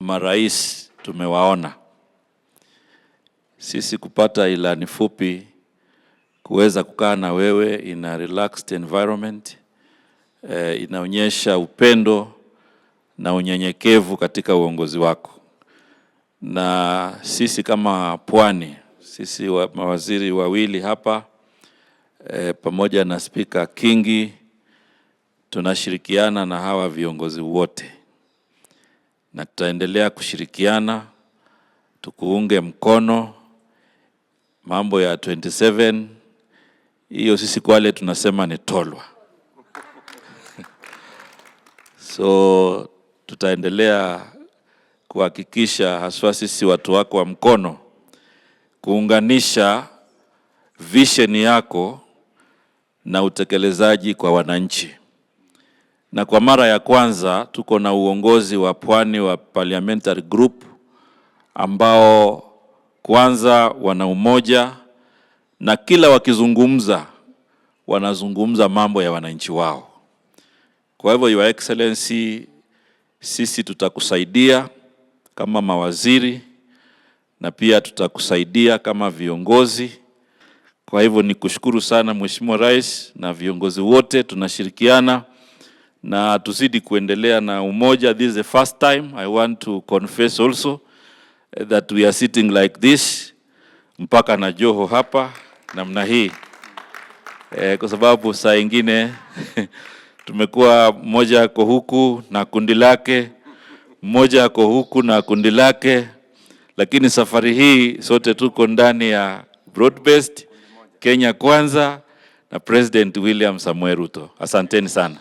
Marais tumewaona sisi, kupata ilani fupi kuweza kukaa na wewe in a relaxed environment eh, inaonyesha upendo na unyenyekevu katika uongozi wako. Na sisi kama Pwani, sisi wa, mawaziri wawili hapa eh, pamoja na Spika Kingi tunashirikiana na hawa viongozi wote na tutaendelea kushirikiana tukuunge mkono. Mambo ya 27 hiyo sisi Kwale tunasema ni tolwa so tutaendelea kuhakikisha haswa sisi watu wako wa mkono kuunganisha visheni yako na utekelezaji kwa wananchi na kwa mara ya kwanza tuko na uongozi wa pwani wa parliamentary group ambao kwanza wana umoja na kila wakizungumza wanazungumza mambo ya wananchi wao. Kwa hivyo, Your Excellency, sisi tutakusaidia kama mawaziri na pia tutakusaidia kama viongozi. Kwa hivyo, ni kushukuru sana Mheshimiwa Rais na viongozi wote tunashirikiana na tuzidi kuendelea na umoja. This is the first time I want to confess also eh, that we are sitting like this mpaka na Joho hapa namna hii e, kwa sababu saa ingine tumekuwa mmoja ako huku na kundi lake, mmoja ako huku na kundi lake, lakini safari hii sote tuko ndani ya Broadbest Kenya Kwanza na President William Samuel Ruto. Asanteni sana.